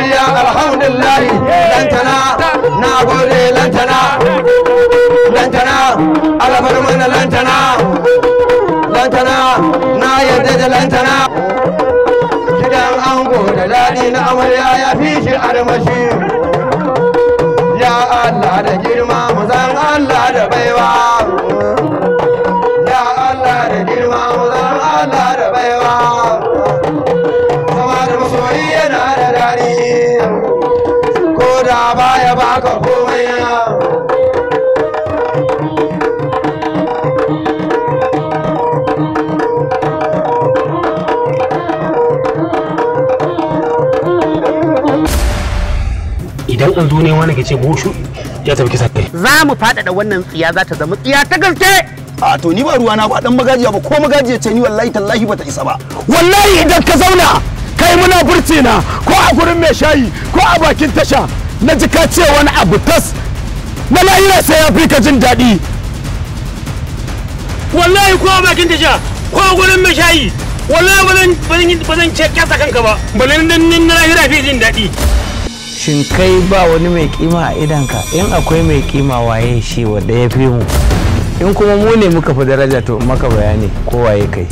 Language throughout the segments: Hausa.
ya alhamdulillahi lantana na gode lantana lantana alabar mana lantana lantana na yadda da lantana gidan ango da daɗi na amarya ya fi shi armashi faɗin duniya wani ke ce bushu ya tafi kisa kai za mu faɗaɗa wannan tsiya za ta zama tsiya ta gaske a to ni ba ruwa na ba dan magajiya ba ko magajiya ce ni wallahi tallahi bata isa ba wallahi idan ka zauna kai muna burce na ko a gurin mai shayi ko a bakin tasha na ji ka ce wani abu tas na lahira sai ya fi ka jin daɗi wallahi ko a bakin tasha ko a gurin mai shayi wallahi ba zan ce kyasa kanka ba balan nan na lahira fi jin daɗi shin kai ba wani mai kima a idanka in akwai mai kima waye shi wanda ya fi mu in kuma mu ne muka fi daraja to maka bayani ko waye kai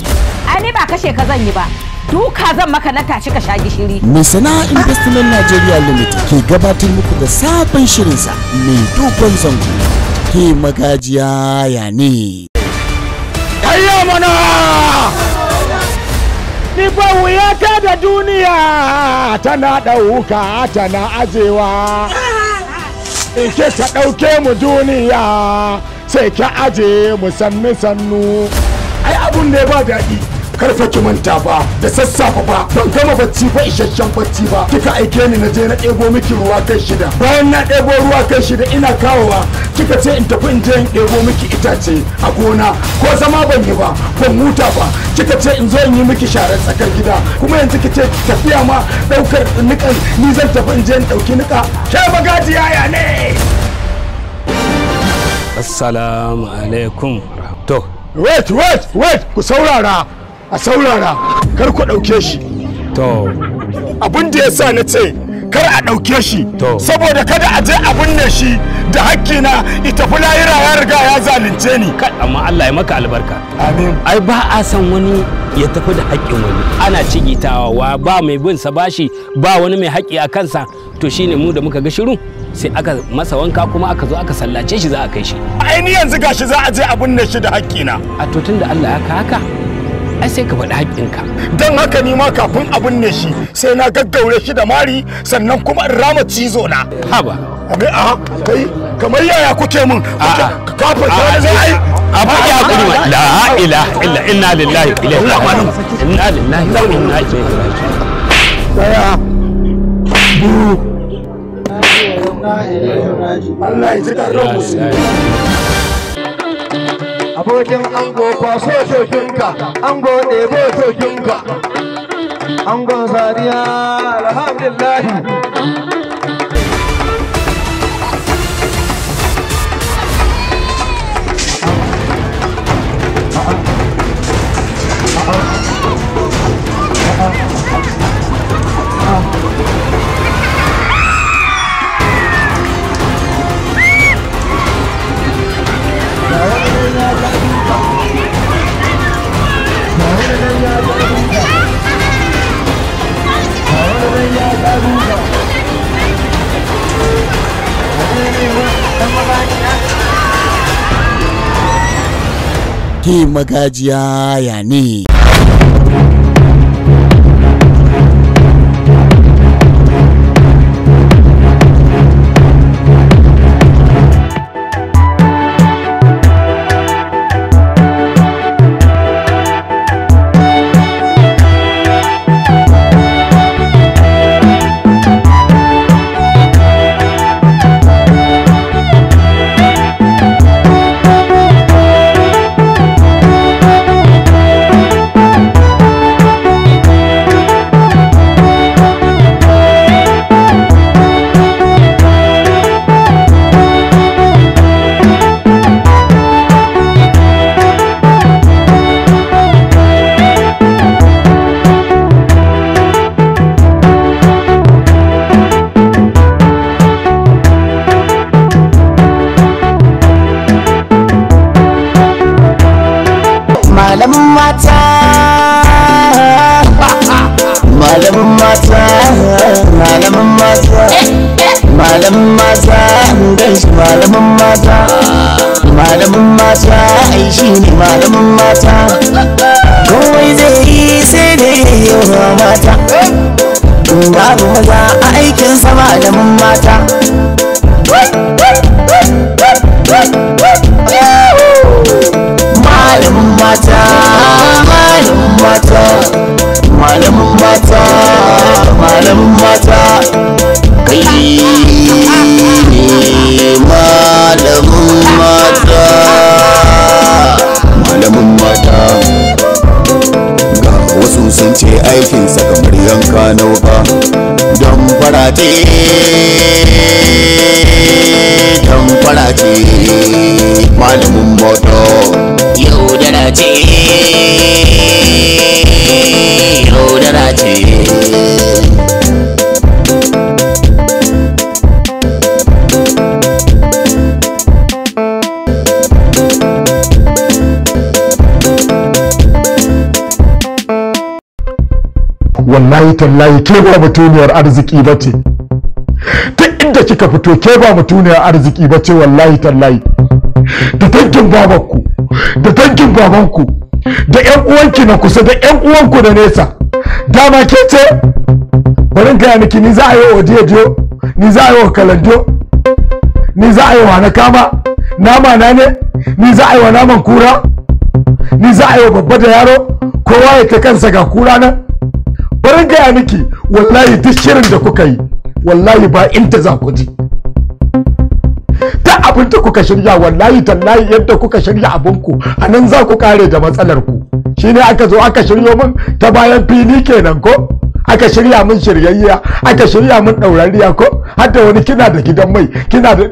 ai ne ba kashe ka zan yi ba duka zan maka na tashi ka sha gishiri mai sana'a investment nigeria limited ke gabatar muku da sabon shirinsa mai dogon zango ke magajiya ya ne mana Nifa wuyata da duniya tana ɗauka tana ajewa. In ke ka ɗauke mu duniya sai ka aje mu sannu sannu. Ai abun ne ba daɗi. karfa ki manta ba da sassafa ba ban gama bacci ba isasshen bacci ba kika aike ni na je na ɗebo miki ruwa kai shida bayan na ɗebo ruwa kai shida ina kawowa kika ce in tafi in je in ɗebo miki itace a gona ko zama ban yi ba ban huta ba kika ce in zo in yi miki sharar tsakar gida kuma yanzu kike tafiya ma ɗaukar nikan ni zan tafi in je in ɗauki nika ke magajiya ya ne assalamu alaikum to wait wait wait ku saurara a saurara kar ku ɗauke shi to abin da ya sa na ce kar a ɗauke shi saboda kada a je a binne shi da hakkina ita fulayira ya riga ya zalunce ni amma Allah ya maka albarka amin ai ba a san wani ya tafi da haƙƙin wani ana cigitawa ba mai bin sa bashi ba wani mai haƙƙi a kansa to shine mu da muka ga shiru sai aka masa wanka kuma aka zo aka sallace shi za a kai shi ainihin yanzu gashi za a je a binne shi da haƙƙina a to tunda Allah ya ka haka ai sai ka faɗi haƙƙinka don haka ni ma kafin abin ne shi sai na gaggaure shi da mari sannan kuma in rama cizo na haba abin a kai kamar yaya kuke min kafin ta da ai a faɗi haƙuri wa la ilaha illa inna lillahi inna lillahi wa inna ilaihi daya biyu Allah ya ji ƙarfin musulmi abokin ango kwaso shokinka ango ɗebo shokinka Ango zariya alhamdulillahi Ki magajiya ya ne. taron mata kai ne malamin mata malamin mata ga wasu sun ce aikinsa kamar yanka na wuka don farace don farate malamin mata yau da ce wallahi tallahi ke ba mutuniyar arziki ba ce ta inda kika fito ke ba mutuniyar arziki ba ce wallahi tallahi da dangin babanku da dangin babanku da yan uwanki na kusa da yan uwanku da nesa dama ke ce bari gaya miki ni za a yi wa diyo ni za a yi wa ni za a yi wa na kama nama na ne ni za a yi wa naman kura ni za a yi wa babba da yaro kowa ya ta kansa ga kura nan bari gaya miki wallahi duk shirin da kuka yi wallahi ba inda za ku ji ta abin da kuka shirya wallahi tallahi yadda kuka shirya ku a nan za ku kare da matsalar ku shine aka zo aka shiryo mun ta bayan fili kenan ko aka shirya min shiryayya aka shirya min daurariya ko har wani kina da gidan mai kina da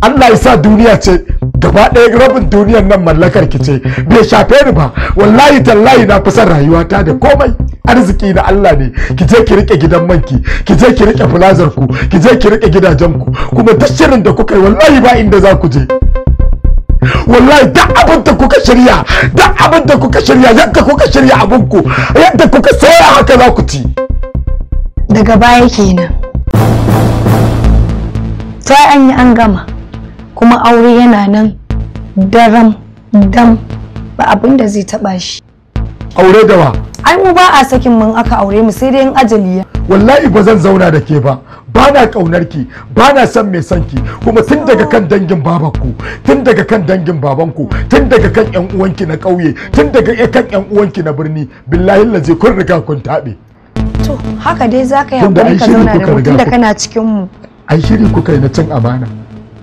Allah ya sa duniya ce gaba ɗaya rabin duniyar nan mallakar ki ce bai shafe ni ba wallahi tallahi na fi son rayuwata da komai arziki na Allah ne ki je ki rike gidan manki ki je ki rike fulazar ku ki je ki rike gidajen ku kuma duk shirin da kuka yi wallahi ba inda za ku je wallahi duk abin da kuka shirya duk abin da kuka shirya yadda kuka shirya abin ku yadda kuka saya haka za ku ci daga baya kenan sai an yi an gama kuma aure yana nan daram dam ba abin da zai taba shi aure da wa ai mu ba a sakin mun aka aure mu sai dai in ajali ya wallahi ba zan zauna da ke ba ba na kaunar ki ba na son mai son ki kuma tun daga kan dangin babanku tun daga kan dangin babanku tun daga kan yan uwanki na kauye tun daga kan yan uwanki na birni billahi lazi kun riga kun tabe to haka dai zaka yi hakuri ka zauna da mu tun da kana cikin mu ai shiri kuka yi na cin amana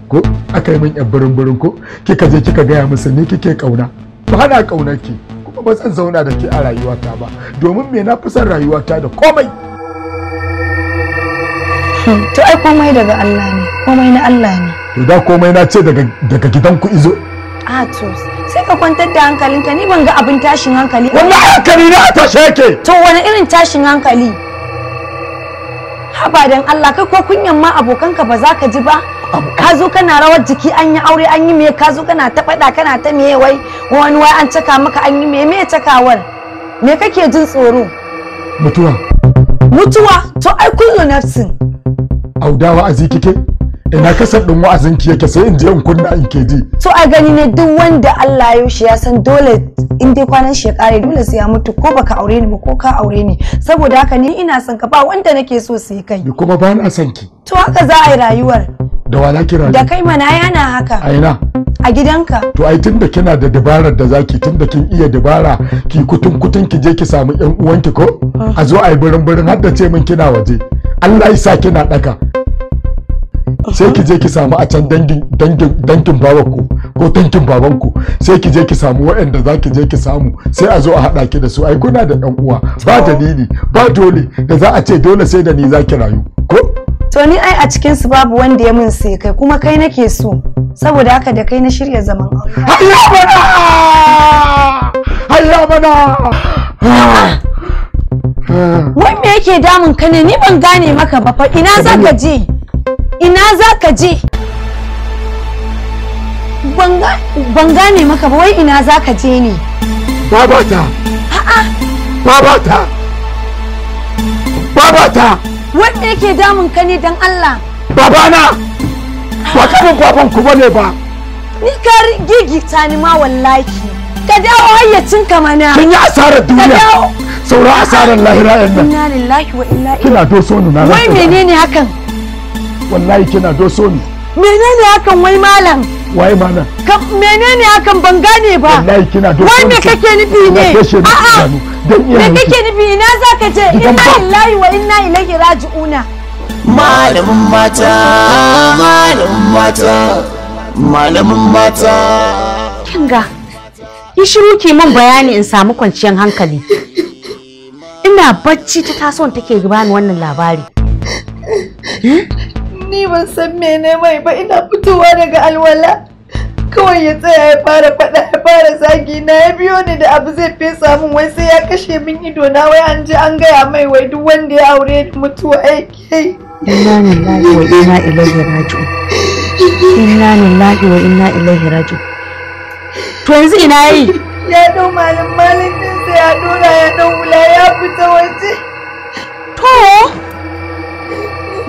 ko aka yi min yan birin birin ko kika je kika gaya musu ni kike kauna Ba na kaunar ki kuma ba zan zauna da ke a rayuwata ba domin me na fi son rayuwata da komai hmm, to ai komai daga Allah ne komai na Allah ne to da komai na ce daga daga gidan ku izo a ah, to sai ka kwantar da hankalinka ni ban ga abin tashin hankali Wannan hankali ne a tashe yake to wani irin tashin hankali haba dan Allah kai ko kunyan ma abokanka ba za ka ji ba ka kana rawar jiki an yi aure an yi me ka kana ta faɗa kana ta me wai wani wai an caka maka an yi me me cakawar me kake jin tsoro mutuwa mutuwa to ai kullu nafsin audawa azi kike ina kasar din wa'azinki yake sai in je in kunna in ke ji so a gani ne duk wanda Allah ya shi ya san dole in dai kwanan shi ya kare dole sai ya mutu ko baka aure ni ba ko ka aure ni saboda haka ni ina son ka ba wanda nake so sai kai ni kuma ba na son ki to haka za a yi rayuwar da wala ki rayuwa da kai mana yana haka a ina a gidanka to ai tunda kina da dabarar da zaki tunda kin iya dabara ki kutun kutun ki je ki samu yan uwanki ko a zo a yi birin birin har da ce min kina waje Allah ya sa kina daka sai ki je ki samu a can dangin babanku ko dangin babanku sai ki je ki samu waɗanda za ki je ki samu sai a zo a haɗa ki da su ai kuna da uwa ba dalili ba dole da za a ce dole sai da ni za ki rayu ko to ni ai a cikin su babu wanda ya min sai kai kuma kai nake so saboda haka da kai na shirya zaman aure hayya mana hayya mana wai yake damun ka ne ni ban gane maka ba fa ina zaka je ina za ka je ban gane maka ba wai ina za ka je ne babata babata babata wanda yake damun ka ne don allah babana ba kafin baban ku bane ba ni ka gigita ni ma wallaki. ka dawo hayyacin ka mana kin yi asarar duniya saura asarar lahira yan nan inna lillahi wa inna ilaihi kina doso ni na wai menene hakan wallahi kina doso ne menene hakan wai malam Wai malam menene hakan ban gane ba wallahi kina doso me kake nufi ne a me kake nufi ina zaka je inna lillahi wa inna ilaihi raji'una malamin mata malamin mata malamin mata kinga yi shiru ki min bayani in samu kwanciyar hankali ina bacci ta taso take ni wannan labari eh? ni ban san mene mai ba ina fitowa daga alwala kawai ya tsaya ya fara faɗa ya fara zagi na ya biyo ni da abu zai fesa min wai sai ya kashe min ido na wai an ji an gaya mai wai duk wanda ya aure ni mutuwa yake inna lillahi wa inna ilaihi raji'un inna lillahi wa inna ilaihi raji'un to yanzu ina yi ya dau malam malam din sai ya dora ya dau wula ya fita waje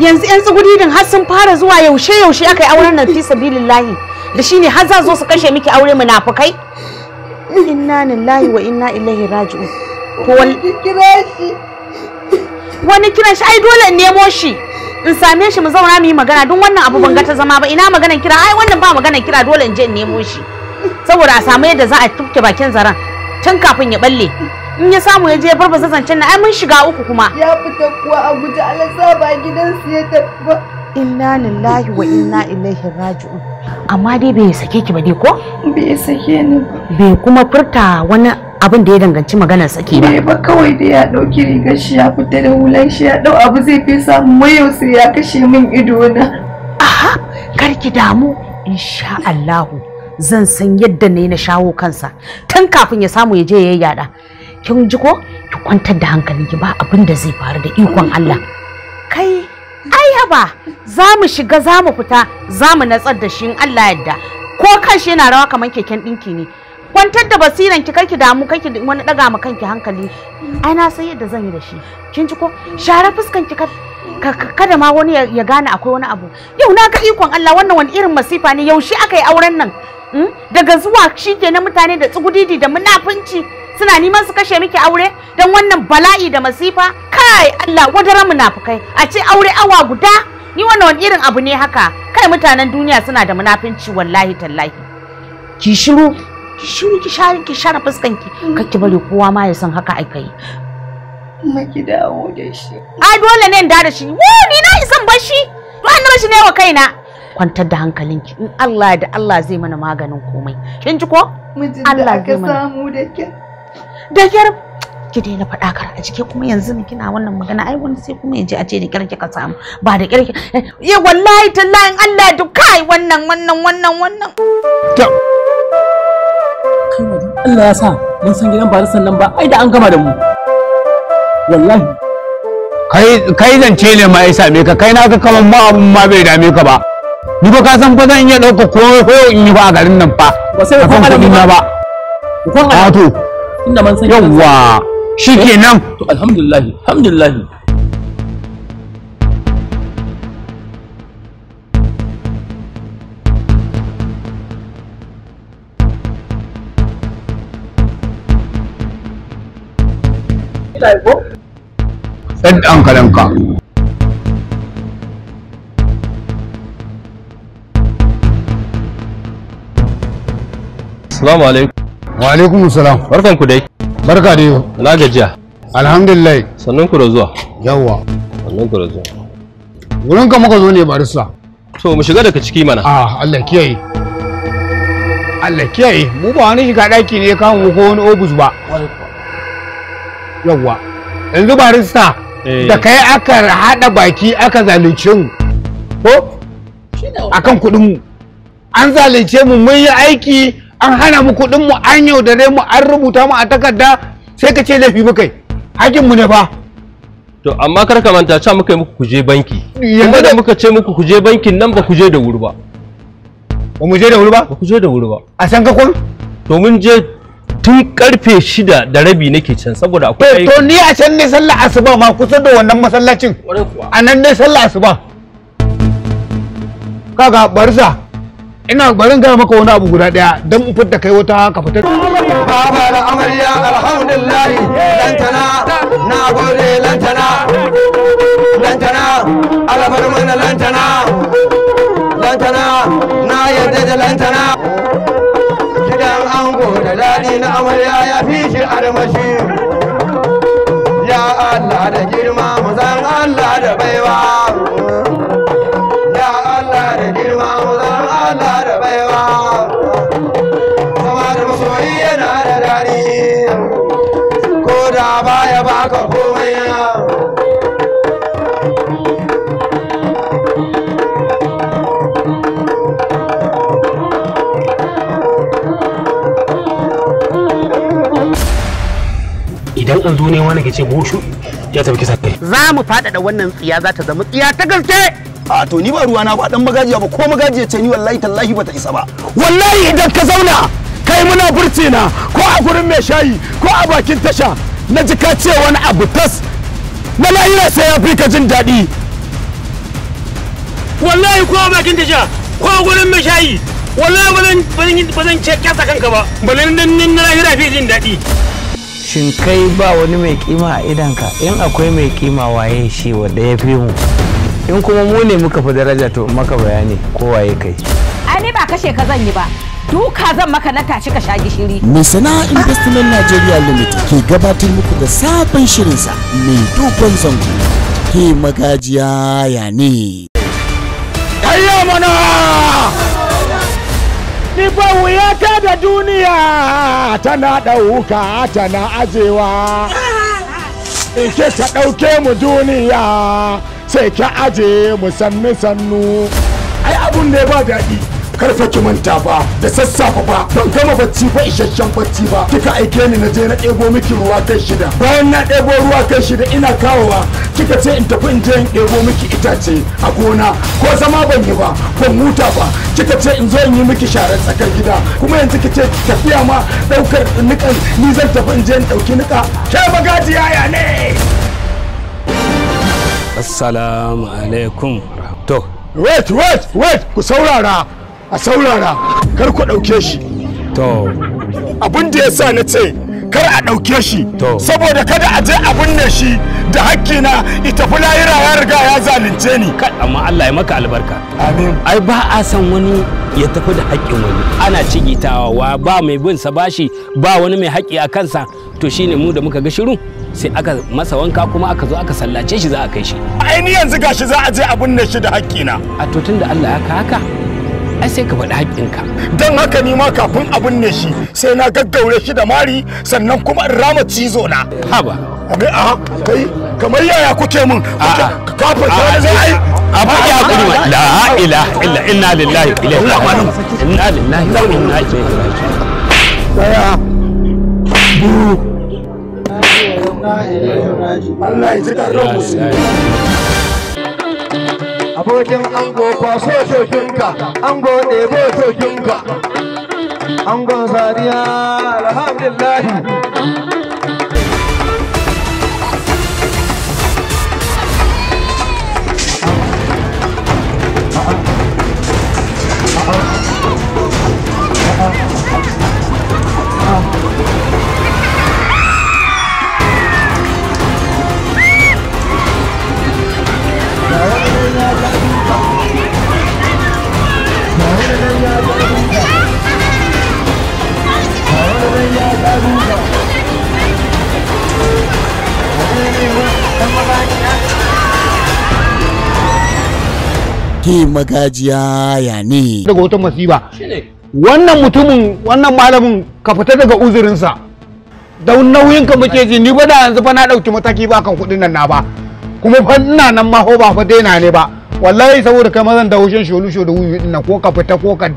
yanzu yan tsugudidin har sun fara zuwa yaushe yaushe aka yi auren nan fi sabilillahi da shine har za zo su kashe miki aure munafukai inna lillahi wa inna ilaihi raji'un to wani kiran shi ai dole in nemo shi in same shi mu zauna mu yi magana don wannan abu ban ga ta zama ba ina maganan kira ai wannan ba maganan kira dole in je in nemo shi saboda a samu yadda za a tufke bakin zaran tun kafin ya balle in ya samu ya je bar ba zancen na ai mun shiga uku kuma ya fita kuwa a guje alasa ba su ya tafi inna lillahi wa inna ilaihi raji'un amma dai bai sake ki ba dai ko bai sake ni ba bai kuma furta wani abin da ya danganci maganar sake ba ba kawai da ya dauki rigar shi ya fita da hulan shi ya dau abu zai fi samu mayo sai ya kashe min ido na aha kar ki damu insha Allah zan san yadda ne na shawo kansa tun kafin ya samu ya je ya yada kin ji ko ki kwantar da hankalinki ba abin da zai faru da ikon Allah kai ai haba za mu shiga za mu fita za mu natsar da shi in Allah yadda ko kanshi yana rawa kamar keken dinki ne kwantar da basiran ki karki damu kake wani daga ma kanki hankali ai na san yadda zan yi da shi kin ji ko share fuskan ki kada ma wani ya gane akwai wani abu yau na ga ikon Allah wannan wani irin masifa ne yaushe aka yi auren nan hmm? daga zuwa shi na mutane da tsugudidi da munafunci suna neman su kashe miki aure don wannan bala'i da masifa kai Allah wadara munafukai a ce aure awa guda ni wannan wani irin abu ne haka kai mutanen duniya suna da munafinci wallahi tallahi ki shiru ki shiru ki share ki shara fuskan ki kar ki bari kowa ma ya san haka ai kai ma ki dawo da shi ai dole ne in da shi wo ni na isan bashi wannan rashi ne wa kaina kwantar da hankalinki in Allah da Allah zai mana maganin komai kin ji ko Allah zai mana samu da da kyar ki daina faɗa kar a jike kuma yanzu kina wannan magana ai wani sai kuma yaje a ce da kirki ka samu ba da kirki eh wallahi tallahi Allah duk kai wannan wannan wannan wannan to Allah ya sa mun san gidan ba sannan ba ai da an gama da mu wallahi kai kai zance ne ma ya same ka kai ka kaman ma abun ma bai dame ka ba ni ba ka san ba zan iya ɗauka ko in yi ba a garin nan fa ba sai ba ko ba inda man san yawa shikenan to alhamdulillah alhamdulillah Ɗan hankalinka. Assalamu alaikum. Wa alaikum salam. Barkan ku dai. Barka dai. Na gajiya. Alhamdulillah. Sannan ku da zuwa. Yawwa. Sannan ku da zuwa. Wurin ka muka zo ne barista. To mu shiga daga ciki mana. Ah Allah kiyaye. Allah kiyaye mu ba wani shiga daki ne kan ko wani obus ba. Yawwa. Yanzu barista eh. da kai aka hada baki aka zalunce mu. Ko? Akan kuɗin mu. An zalunce mu mun yi aiki an hana mu kuɗin mu an yaudare mu an rubuta mu a takarda sai ka ce laifi muka yi hakin mu ne fa to amma kar ka manta cewa muka yi muku kuje banki kuma da muka ce muku kuje bankin nan ba kuje da wuri ba ba mu je da wuri ba ba ku je da wuri ba a san ka kun to mun je tun karfe shida da rabi nake can saboda akwai eh, to ni a can ne sallah asuba ma kusa da wannan masallacin a nan ne sallah asuba kaga barza ina barin gaya maka wani abu guda daya don in fitta kai wata ka fita baba da amarya alhamdulillah lantana na gode lantana lantana alabar mana lantana lantana na yadda da lantana gidan ango da daɗi na amarya ya fi shi armashi ya Allah da faɗin duniya wani ke ce bushu ya tafi kisa kai za mu faɗaɗa wannan tsiya za ta zama tsiya ta gaske a to ni ba ruwa na ba dan magajiya ba ko magajiya ce ni wallahi tallahi bata isa ba wallahi idan ka zauna kai muna burce na ko a gurin mai shayi ko a bakin tasha na ji ka ce wani abu tas na lahira sai ya fi ka jin daɗi wallahi ko a bakin tasha ko a gurin mai shayi wallahi ba zan ba zan ce kanka ba balan nan na lahira fi jin daɗi shin kai ba wani mai kima a idanka in akwai mai kima waye shi wanda ya fi mu in kuma mu ne muka fi daraja to maka bayani ko waye kai ai ne ba kashe ka zan yi ba duka zan maka na tashi ka sha gishiri mai sana'a investment nigeria limited ke gabatar muku da sabon shirinsa mai dogon zango ke magajiya ya ne mana Nifan wuya ta da duniya tana ɗauka tana ajewa. In ke ka ɗauke mu duniya sai ka aje mu sannu sannu. Ai abun ne ba daɗi. karfe ki manta ba da sassafa ba ban gama bacci ba isasshen bacci ba kika aike ni na je na ɗebo miki ruwa kai shida bayan na ɗebo ruwa kai shida ina kawowa kika ce in tafi in je in ɗebo miki itace a gona ko zama ban yi ba ban huta ba kika ce in zo in yi miki sharar tsakar gida kuma yanzu kike tafiya ma ɗaukar nikan ni zan tafi in je in ɗauki nika ke magajiya ya ne assalamu alaikum to wait wait wait ku saurara a saurara kar ku ɗauke shi to abin da ya sa na ce kar a ɗauke shi saboda kada a je a binne shi da hakkina ita fulayira ya riga ya zalunce ni amma Allah ya maka albarka amin ai ba a san wani ya tafi da haƙƙin wani ana cigitawa ba mai bin sa bashi ba wani mai haƙƙi a kansa to shine mu da muka ga shiru sai aka masa wanka kuma aka zo aka sallace shi za a kai shi ai ni yanzu gashi za a je a binne shi da haƙƙina a to tunda Allah ya ka haka ai sai ka faɗi haƙƙinka don haka ni ma kafin abin ne shi sai na gaggaure shi da mari sannan kuma in rama cizo na haba abin a kai kamar yaya kuke min kafin ta zai ai a faɗi haƙuri la ilaha illa inna lillahi inna lillahi ilaihi daya Allah ya abokin ango kwaso shokinka ango ɗebo shokinka angon sariya alhamdulillahi ke magajiya ya ne daga wata masiba wannan mutumin wannan malamin ka fita daga uzurinsa da nauyin ka muke ji ni ba da yanzu fa na ɗauki mataki ba kan kudin nan na ba kuma fa ina nan ma ho ba fa daina ne ba wallahi saboda kai mazan da hushin sholu sholu din nan ko ka fita ko ka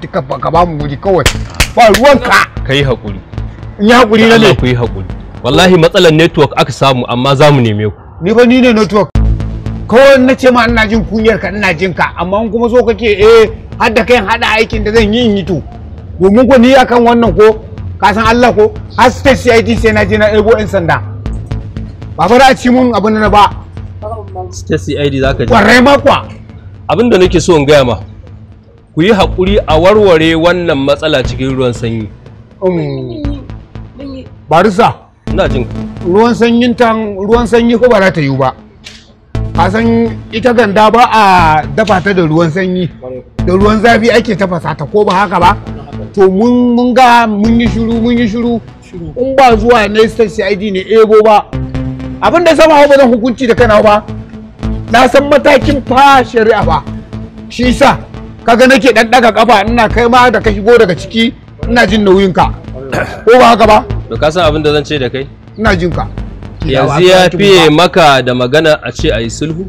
ka ba mu wuri kawai ba ruwanka kai hakuri in yi haƙuri na ne ku yi wallahi matsalar network aka samu amma za mu neme ku ni ba ni ne network kawai na ce ma ina jin kunyar ka ina jin ka amma in kuma so kake eh har da kai hada aikin da zan yi in yi to domin ko ni akan wannan ko ka san Allah ko har state CID sai na je na ebo yan sanda ba bara a ci mun abin na ba state CID zaka je kwarai ma kwa abin da nake so in gaya ma ku yi haƙuri a warware wannan matsala cikin ruwan sanyi um. barisa ina jin ruwan sanyin tan ruwan sanyi ko ba za ta yiwu ba a san ita ganda ba a dafa ta da ruwan sanyi da ruwan zafi ake tafasa ta ko ba haka ba to mun mun ga mun yi shiru mun yi shiru in ba zuwa ne I.D ne ebo ba abin da sama ba zan hukunci da kana ba na san matakin fa shari'a ba shi sa kaga nake dan daga kafa ina kai ma da ka shigo daga ciki ina jin nauyin ka ko ba haka ba to ka san abin da zan ce da kai ina jin ka yanzu ya fiye maka da magana a ce a yi sulhu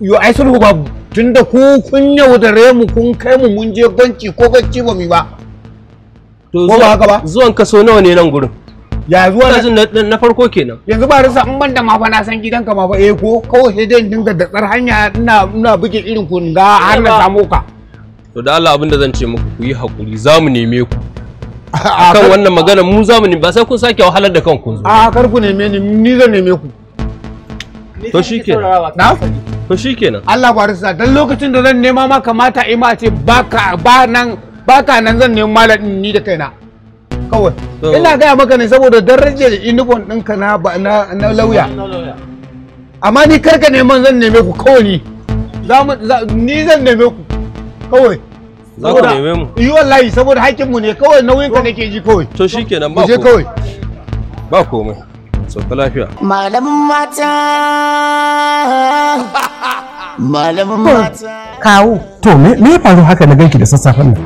yo yi sulhu babu tunda ku kun yaudare mu kun kai mu mun je banki ko banki ba mu ba to ko ba haka ba zuwan kaso nawa ne nan gurin ya zuwa na na farko kenan yanzu ba rasa in banda ma fa na san gidanka ma fa eh ko kawai sai dai dinga da tsar hanya ina ina buge irin ku ga har na samu ka to da Allah abin da zan ce muku ku yi hakuri za mu neme ku akan wannan magana mu zamani ba sai kun sake wahalar da kanku zo a kar ku neme ni ni zan neme ku to shikenan na to nan. Allah ba rasa dan lokacin da zan nema ma kamata ima ce baka ba nan baka nan zan nemi malamin ni da kaina kawai ina gaya maka ne saboda da inubon ɗinka na na lauya amma ni karka neman zan neme ku kawai ni ni zan neme ku kawai za ku neme mu yi wallahi saboda haƙƙin ne kawai nauyin ka nake ji kawai to shikenan ba komai ba komai sauka lafiya malamin mata malamin mata kawo to me ya faru haka na ganki da sassafen nan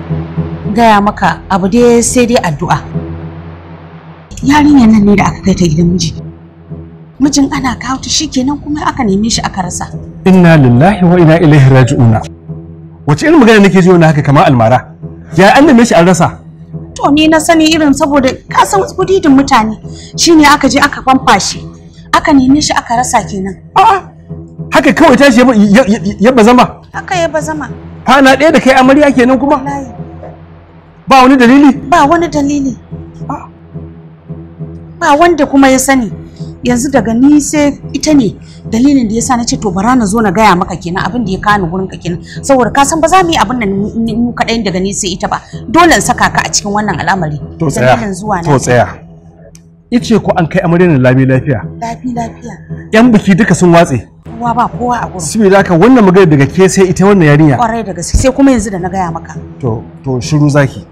gaya maka abu dai sai dai addu'a yarinyar nan ne da aka kai ta gidan miji mijin ana kawo ta shikenan kuma aka neme shi aka rasa inna lillahi wa inna ilaihi raji'una wace irin magana nake ji wani haka kamar almara ya an neme shi an rasa to ni na sani irin saboda ka san gudidin mutane shine aka je aka fanfa shi aka neme shi aka rasa kenan a'a haka kawai tashi ya bazama haka ya bazama kwana ɗaya da kai amarya kenan kuma ba wani dalili ba wani dalili ba wanda kuma ya sani yanzu daga ni sai ita ne dalilin da yasa na ce to bara na zo na gaya maka kenan abin da ya kawo gurin ka kenan saboda ka san ba za mu yi abin nan mu kaɗai daga ni sai ita ba dole in saka ka a cikin wannan al'amari to tsaya to tsaya ice ko an kai amaryar lami lafiya lafiya yan biki duka sun watse kowa ba kowa a gurin saboda ka wannan magana daga ke sai ita wannan yarinya kwarai da gaske sai kuma yanzu da na gaya maka to to shiru zaki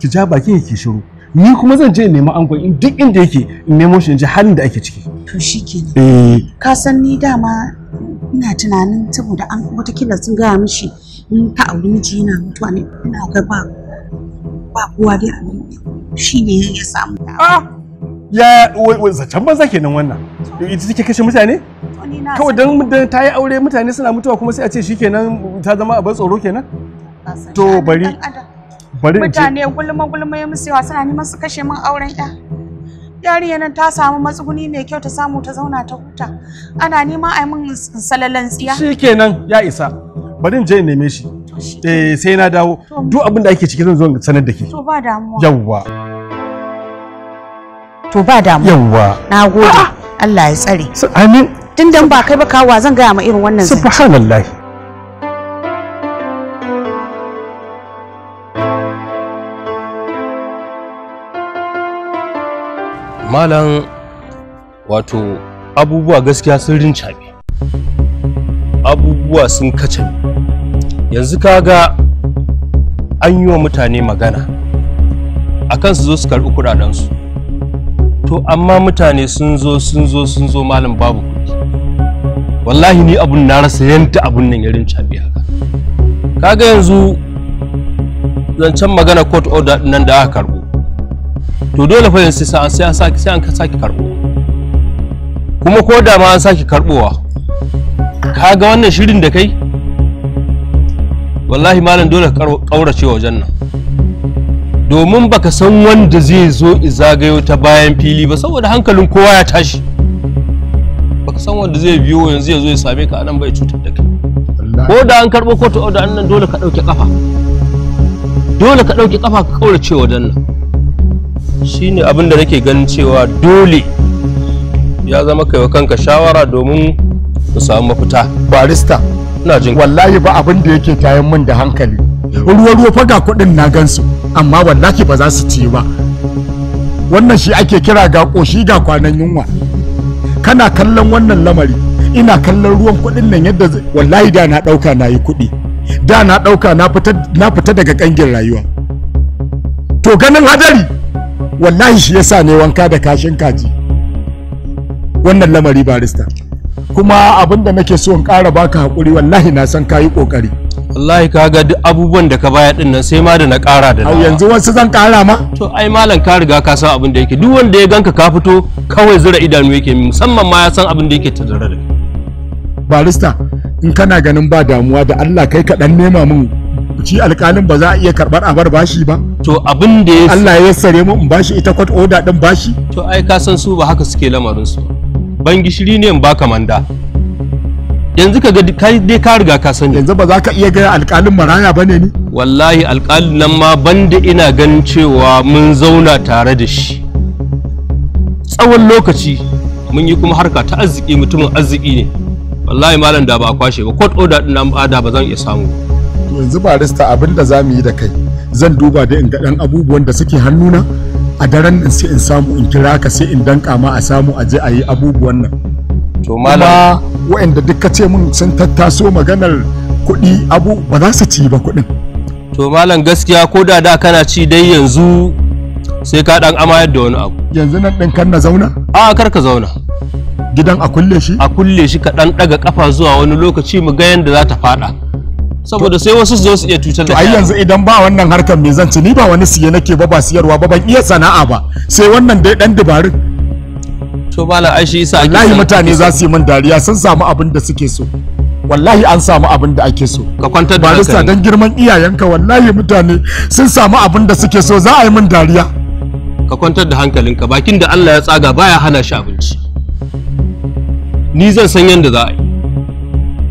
ki ja baki ki shiru ni kuma zan je nemo nemi angon in duk inda yake in nemo shi in ji halin da ake ciki to shikenan eh ka san ni dama ina tunanin saboda an watakila sun gaya mishi in ta auri miji yana mutuwa ne ina ga ba ba kowa dai a shi ne ya samu ah ya zancen banza kenan wannan ita take kashe mutane kawai don da ta yi aure mutane suna mutuwa kuma sai a ce shikenan ta zama abin tsoro kenan to bari mutane gulma gulma ya musu yawa suna neman su kashe min auren ya yariya nan ta samu matsuguni mai kyau ta samu ta zauna ta huta ana nema a min salalan tsiya shikenan ya isa bari in je in neme shi eh sai na dawo duk abin da ake ciki zan zo sanar da ke to ba damuwa yawwa to ba damuwa yawwa nagode ah! Allah ya tsare amin tun dan ba kai ba kawa zan gaya ma irin wannan subhanallah malam wato abubuwa gaskiya sun rinca ne abubuwa sun kace yanzu kaga an yi wa mutane magana akan su zo su karɓi kuɗaɗensu to amma mutane sun zo sun zo sun zo malam babu kuɗi wallahi ni abun na rasa yanta abun nan ya rincaɓe haka kaga yanzu zancen magana court order nan da aka karɓo to dole fa yanzu sai an saki sai an saki karbo kuma ko da ma an saki karbowa ka ga wannan shirin da kai wallahi malam dole ka kaurace wajen nan domin baka san wanda zai zo zagayo ta bayan fili ba saboda hankalin kowa ya tashi baka san wanda zai biyo yanzu ya zo ya same ka anan bai cutar da kai ko da an karɓo kotu order an nan dole ka ɗauke kafa dole ka ɗauke kafa ka kaurace wajen nan shine abin da nake ganin cewa dole ya zama kaiwa kanka shawara domin ku samu mafita barista ina jin wallahi ba abin da yake tayin min da hankali ruwa ruwa faga kuɗin na gansu amma wallahi ba za su ci ba wannan shi ake kira ga ƙoshi ga kwanan yunwa kana kallon wannan lamari ina kallon ruwan kuɗin nan yadda wallahi da na ɗauka na yi kuɗi da na ɗauka na fita daga kangin rayuwa to ganin hadari wallahi shi yasa ne wanka da kashin kaji wannan lamari barista kuma abin da nake so in ƙara baka hakuri wallahi na san kayi kokari wallahi ka ga duk abubuwan da ka baya din nan sai ma da na ƙara da nawa yanzu wasu zan ƙara ma to ai malam ka riga ka san abin da yake duk wanda ya ganka ka fito kawai zura idanu yake musamman ma ya san abin da yake tattare da barista in kana ganin ba damuwa da Allah kai ka dan nema min shi alƙalin ba za a iya karɓar bar bashi ba to abin da ya Allah ya sare mu in bashi ita court order din bashi to ai ka san su ba haka suke lamarin su ban gishiri ne in baka manda yanzu ka ga dai ka riga ka sani yanzu ba za ka iya ga alƙalin maraya bane ni wallahi alƙalin nan ma banda ina ganin cewa mun zauna tare da shi tsawon lokaci mun yi kuma harka ta arziki mutumin arziki ne wallahi malam da ba a kwashe ba court order din nan ba da ba zan iya samu ba yanzu rista abin da za mu yi da kai zan duba da in ga ɗan abubuwan da suke hannuna a daren nan sai in samu in kira ka sai in danka ma a samu aje a yi abubuwan nan to malam waɗanda duk ce mun sun tattaso maganar kuɗi abu ba za su ci ba kuɗin to malam gaskiya ko da da kana ci dai yanzu sai ka dan amayar da wani abu yanzu nan din kan na zauna a kar ka zauna gidan a kulle shi a kulle shi ka dan daga kafa zuwa wani lokaci mu ga yanda za ta fada saboda sai wasu su zo su iya cutar da ai yanzu idan ba wannan harkar me zan ci ni ba wani siye nake ba ba siyarwa ba ban iya sana'a ba sai wannan dai dan dabarun to malam ai shi yasa wallahi mutane za su yi min dariya sun samu abin da suke so wallahi an samu abin da ake so ka kwantar da barista dan girman iyayenka wallahi mutane sun samu abin da suke so za a yi min dariya ka kwantar da hankalinka bakin da Allah ya tsaga baya hana shi abinci ni zan san yadda za a yi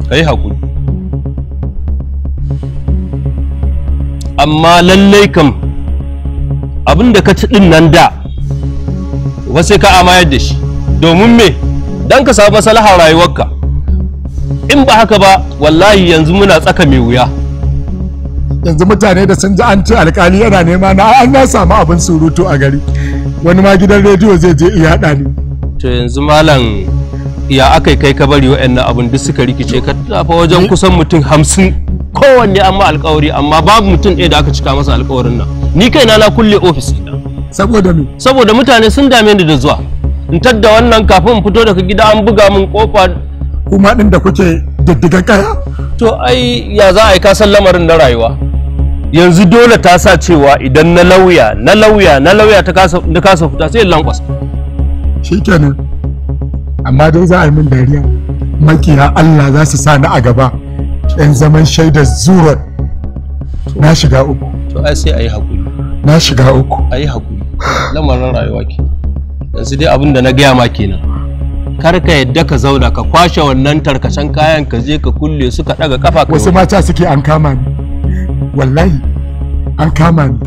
ka yi haƙuri amma lallai kam abinda ka ci din nan da ba sai ka amayar da shi domin me dan ka samu maslaha rayuwarka in ba haka ba wallahi yanzu muna tsaka mai wuya yanzu mutane da sun ji an ci alkali yana nema na an na samu abin surutu a gari wani ma gidan rediyo zai je iya haɗa ni to yanzu malam ya aka kai ka bari wa'annan abin duk suka rikice ka tafa wajen kusan mutum hamsin kowanne an ma alkawari amma babu mutum ɗaya da aka cika masa alkawarin nan ni kaina na kulle ofis ɗina saboda me saboda mutane sun dame ni da zuwa in tadda wannan kafin in fito daga gida an buga min kofa kuma ɗin da kuke diddigan kaya to ai ya za a yi san lamarin na rayuwa yanzu dole ta sa cewa idan na lauya na lauya na lauya ta kasa da kasa fita sai lankwas shikenan amma dai za a yi min dariya makiya Allah za su sa ni a gaba matsayin zaman shaidar zuwan na shiga uku to ai sai a yi haƙuri na shiga uku a yi haƙuri lamarin rayuwa ke yanzu dai abin da na gaya ma kenan kar ka yadda ka zauna ka kwashe wannan tarkacen kayan ka je ka kulle su ka ɗaga kafa ka wasu mata suke an kama ni wallahi an kama ni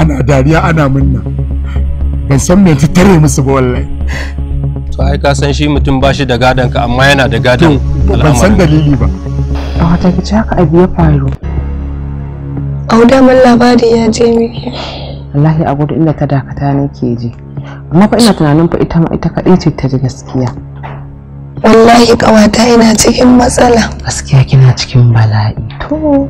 ana dariya ana munna ban san me ta tare musu ba wallahi to ai ka san shi mutum ba shi da gadon ka amma yana da gadon ban san dalili ba wata gici haka abu ya faru auda man labari ya je miki wallahi a gudu inda ta dakata ke je. amma fa ina tunanin fa ita ma ita kaɗai ce ta ji gaskiya wallahi ƙawata ina cikin matsala gaskiya kina cikin bala'i to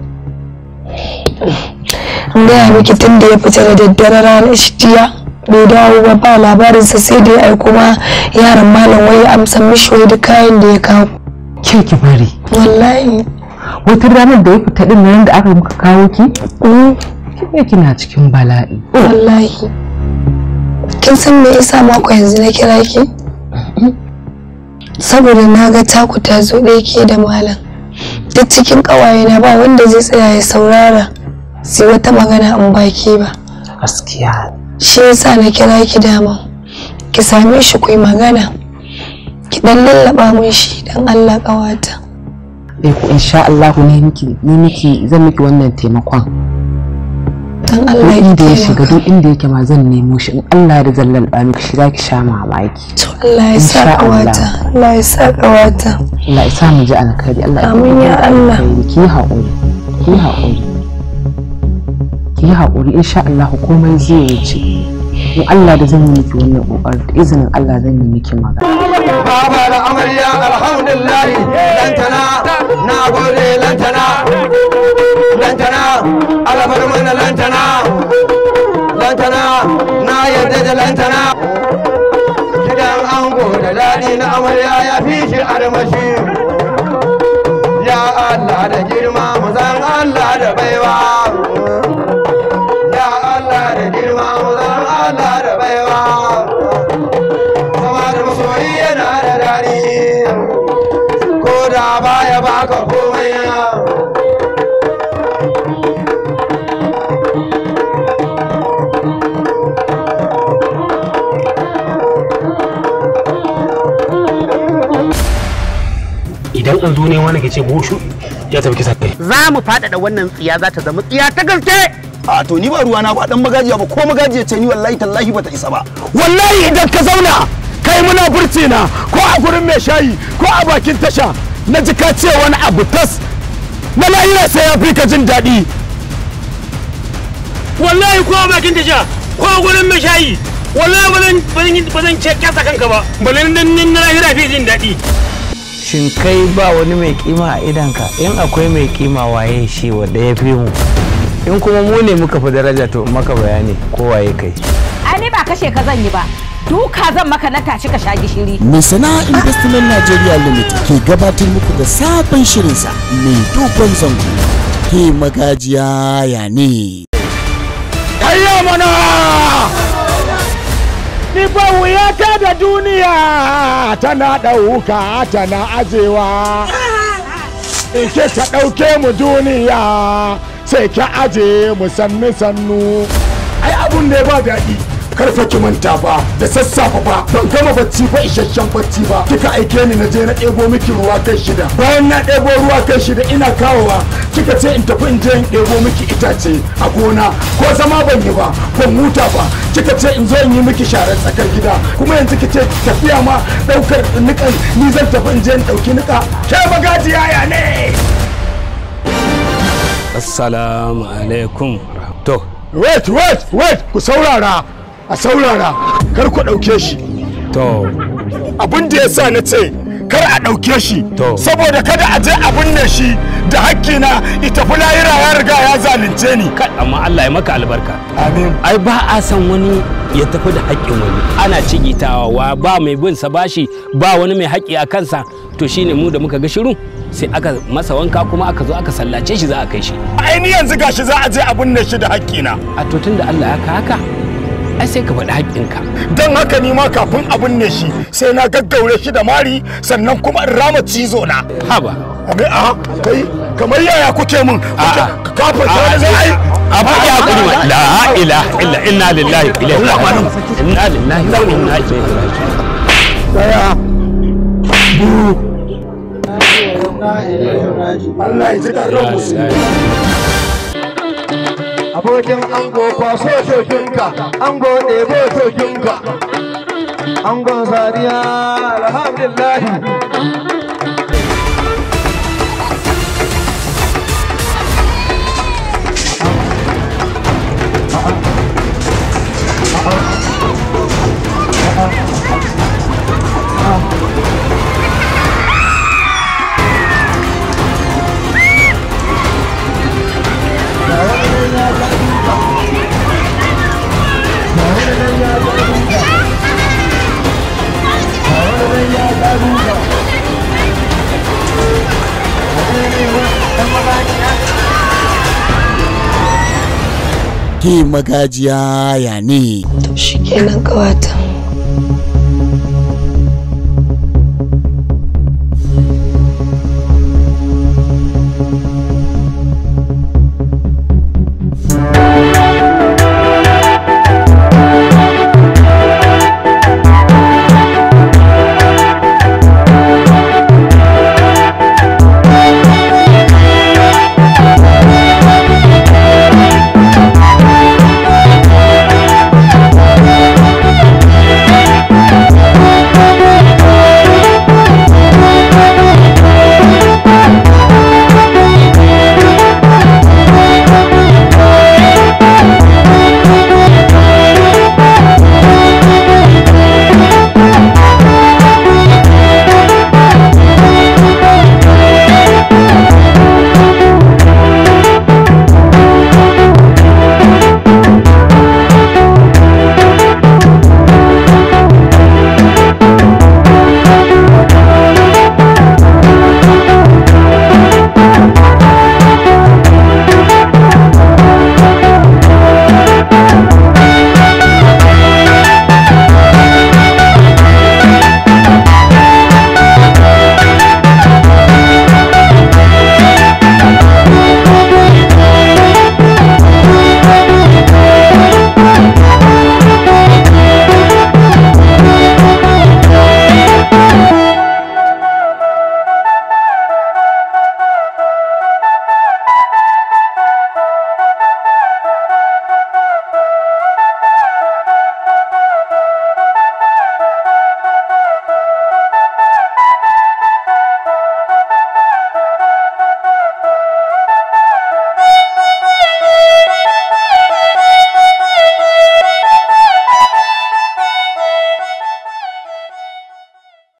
an gaya miki tun da ya fita da daddare ranar shidiya bai dawo ba ba labarinsa sai da ya aiko ma yaran malam wai ya amsa mishi wai da kayan da ya kawo ke ki bari wallahi wata ranar da ya fita din nan da aka muka kawo ki eh, kina kina cikin bala'i wallahi kin san me yasa mako yanzu na kira ki mm-hmm. saboda na ga taku ta zo ɗaya ke da malam duk cikin ƙawaye na ba wanda zai tsaya ya saurara sai wata magana in baki ba gaskiya shi yasa na kira ki dama ki same shi ku magana ki dan lallaba mun shi dan Allah ƙawata eh ku insha Allah ne miki ne miki zan miki wannan taimakon dan Allah inda ya shiga duk inda yake ma zan nemo shi in Allah da zallan da miki shiga ki sha mamaki to Allah ya sa kawata Allah ya sa kawata Allah ya sa mu ji alkhairi Allah ya amin ya Allah ki haƙuri ki haƙuri ki haƙuri insha Allah komai zai wuce in Allah da zan yi miki wannan kokarin da izinin Allah zan yi miki magana da alhamdulillah lantana na gode lantana lantana alabar mana lantana lantana na yarda da lantana gidan ango da daɗi na amarya ya fi shi armashi ya Allah da girma mazan Allah da baiwa idan an zo ne wani ke ce bushu ya tafi kisa kai za mu faɗaɗa wannan tsiya za ta zama tsiya ta gaske a to ni ba ruwa na ba dan magajiya ba ko magajiya ce ni wallahi tallahi ta isa ba wallahi idan ka zauna kai muna burce na ko a gurin mai shayi ko a bakin tasha na ji ka ce wani abu tas na na sai ya fi ka jin daɗi wallahi ko bakin sha, ko gurin mai shayi wallahi ba zan ce kyasa kanka ba balin nan na na fi jin daɗi shin kai ba wani mai kima a idanka in akwai mai kima waye shi wanda ya fi mu in kuma mu ne muka fi daraja to maka bayani ko waye kai ne ba kashe ka zan yi ba duka zan maka na tashi ka sha gishiri mai sana'a investment nigeria limited ke gabatar muku da sabon shirinsa mai dogon zango ke magajiya ya ne mana ni ba wuyata da duniya tana ɗauka tana ajewa in ka ɗauke mu duniya sai ka aje mu sannu sannu ai abun da ba daɗi karfa ki manta ba da sassafa ba ban gama bacci ba isasshen bacci ba kika aike ni na je na ɗebo miki ruwa kai shida bayan na ɗebo ruwa kai shida ina kawowa kika ce in tafi in je in ɗebo miki itace a gona ko zama ban yi ba ban huta ba kika ce in zo in yi miki sharar tsakar gida kuma yanzu kike tafiya ma ɗaukar nikan ni zan tafi in je in ɗauki nika ke magajiya ya ne assalamu alaikum to wait wait wait ku saurara a saurara kar ku ɗauke shi to abin da ya sa na ce kar a ɗauke shi saboda kada a je a binne shi da hakkina ita fulayira ya riga ya zalunce ni amma Allah ya maka albarka amin ai ba a san wani ya tafi da haƙƙin wani ana cigitawa ba mai bin sa bashi ba wani mai haƙƙi a kansa to shine mu da muka ga shiru sai aka masa wanka kuma aka zo aka sallace shi za a kai shi ai ni yanzu gashi za a je a binne shi da haƙƙina a to tunda Allah ya ka haka ai sai ka faɗi haƙƙinka don haka ni ma kafin abin ne shi sai na gaggaure shi da mari sannan kuma in rama cizo na haba abi a kai kamar yaya kuke min kafin ta da ai a ba a kudi ma la ila illa inna lillahi wa inna ilaihi raji'un inna lillahi wa inna ilaihi raji'un daya bu Allah ya ji karɓar musu. abokin ango kwaso shokinka ango ɗebo shokinka angon sariya alhamdulillahi Yeah. Ki magajiya ya ne? To shi kenan kawatan.